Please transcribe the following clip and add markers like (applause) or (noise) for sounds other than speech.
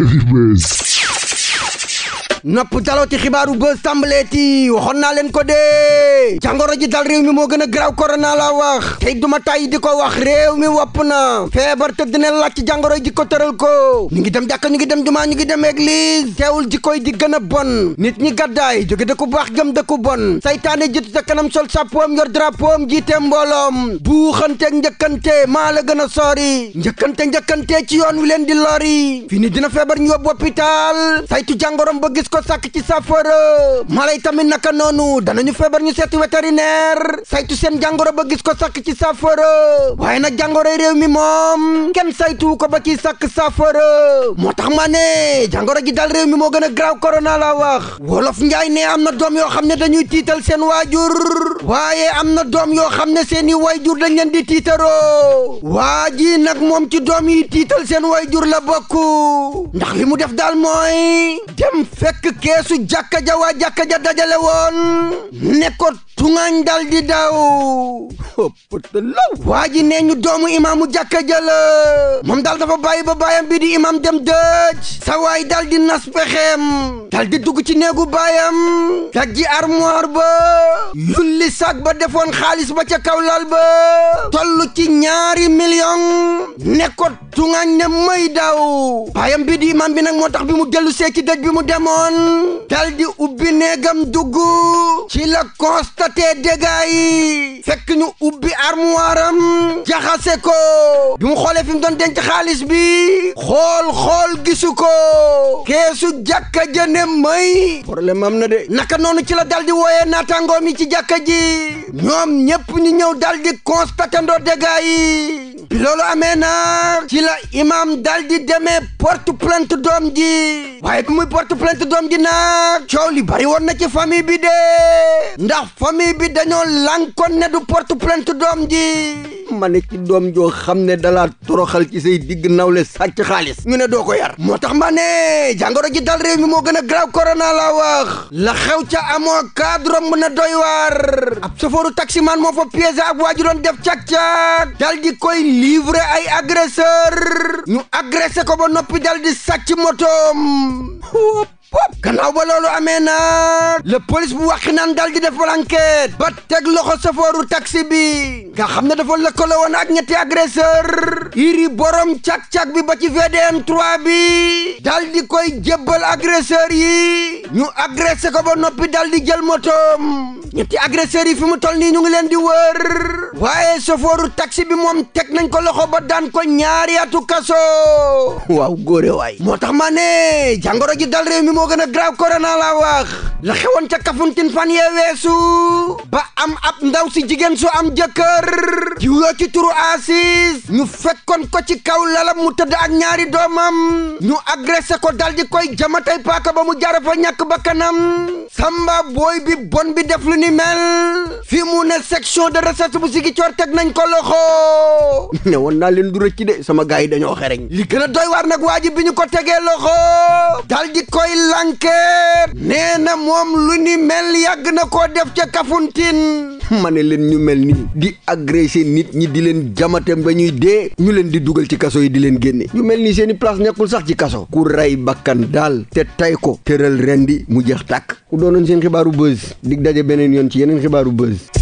Anyways. nopp jalooti xibaaru ba sàmbaleeti waxoon naa leen ko dee jàngoro ji dal réew mi moo gën a garaaw korona la wax tey duma tàyyi di ko wax réew mi wopp na feebar tëdd na laaj ci jàngoro ji ko tëral ko ñu ngi dem jàkka ñu ngi dem jumaa ñu ngi dem église teewul ji koy di gën a bon nit ñi gàddaay jóge dëkku baax jëm dëkku bon saytaane jiitu sa kanam sol sapoom yor drapoom jiite mbooloom buuxanteeg njëkkante maa la gën a sori njëkkante njëkkante ci yoon wi leen di lori dina feebar ñu yóbbu hôpital saytu jàngoroom ba gis ko sakk ci saafara mala yi tamit naka noonu danañu feebar ñu seeti vétérinaire saytu seen jàngoro ba gis ko sakk ci saafara waaye nag jàngoro yi réew mi moom kenn saytu ko ba ci sàkk saafara moo tax ma ne jàngoro ji dal réew mi moo gën a graaw corona la wax wolof njaay ne am na doom yoo xam ne dañuy tiital seen waajur waaye am na doom yoo xam ne seeni waajur dañ leen di tiitaroo waa nag moom ci doom yi tiital seen waajur la bokk ndax li mu def daal mooy dem fekk fekk keesu jàkka ja waa jàkka ja dajale woon ne ko tuŋaañ dal di daw waa ji nee ñu doomu imaamu jàkka ja moom daal dafa bàyyi ba baayam bi di imaam dem dëj sa waay di nas pexeem dal di dugg ci néegu baayam daj ji armoire ba yulli sac ba defoon xaalis ba ca kaw lal ba toll ci ñaari million ne ko tuŋaañ ne may daw baayam bi di imaam bi nag moo tax bi mu dellu see ci dëj bi mu demoon yoon dal di ubbi néegam dugg ci la constaté dégâts yi fekk ñu ubbi armoire am jaxase ko bi mu xoolee fi doon denc xaalis bi xool xool gisu ko keesu jàkka jëne may problème na de naka noonu ci la dal di wooyee naataangoom yi ci jàkka ji ñoom ñépp ñu ñëw dal di constaté ndoo bi loolu amee na ci la imam dal di demee porte plainte doom ji waaye bi muy porte plainte doom ji nag coow li bari woon na ci famille bi de ndax famille bi dañoo lankoon ne du porte plainte doom ji ma ne ci doom joo xam ne dalaa toroxal ci say digg nawle sàcc xaalis ñu ne doo ko yar moo tax ma ne jàngoro ji dal réew mi moo gën a graaw korona laa wax la xew ca amoo cadre mën doy waar ab sofooru man moo fa piégé ab waa ji doon def càq-càq dal di koy livré ay agresseur ñu agressé ko ba noppi dal di sàcc motoom pop gannaaw ba loolu amee nag le police bu wàqi naan dal di def enquête ba teg loxo safooru taxi bi nga xam ne dafa lëkkaloo woon ak ñetti agresseur iri borom càk-càk bi ba ci VDN 3 bi dal di koy jébbal agresseur yi ñu agressé ko ba noppi dal di jël motoom ñetti agresseur yi fi mu tol nii ñu ngi leen di wër waaye sofooru taxi bi moom teg nañ ko loxo ba daan ko ñaari atu kaso (laughs) waaw góore waay moo tax ma ne ji dal réew mi moo gën xewoon ca Kafountine fan yee weesu ba am ab ndaw si jigéen su am jëkkër di wuyoo ci turu Asis ñu fekkoon ko ci kaw lalam mu tëdd ak ñaari doomam ñu agressé ko dal di koy jamatay paaka ba mu jara ñakk ñàkk bakkanam samba booy bi bon bi def lu ni mel fi mu ne section de recherche bu Ziguinchor teg nañ ko loxo (laughs) ne woon naa leen du rëcc de sama gars yi dañoo li gën doy waar nag waa ko tegee loxo dal di koy l'enquête nee na moom lu ni mel yàgg na koo def ca Kafountine ma ne leen ñu mel nii di agressé nit ñi di leen jamatem ba ñuy dee ñu leen di dugal ci kaso yi di leen génne ñu mel nii seeni place nekkul sax ci kaso ku rey bàkkan daal te tay ko tëral rendi mu jeex tàkk ku doonoon seen xibaaru buzz dig daje beneen yoon ci yeneen xibaaru buzz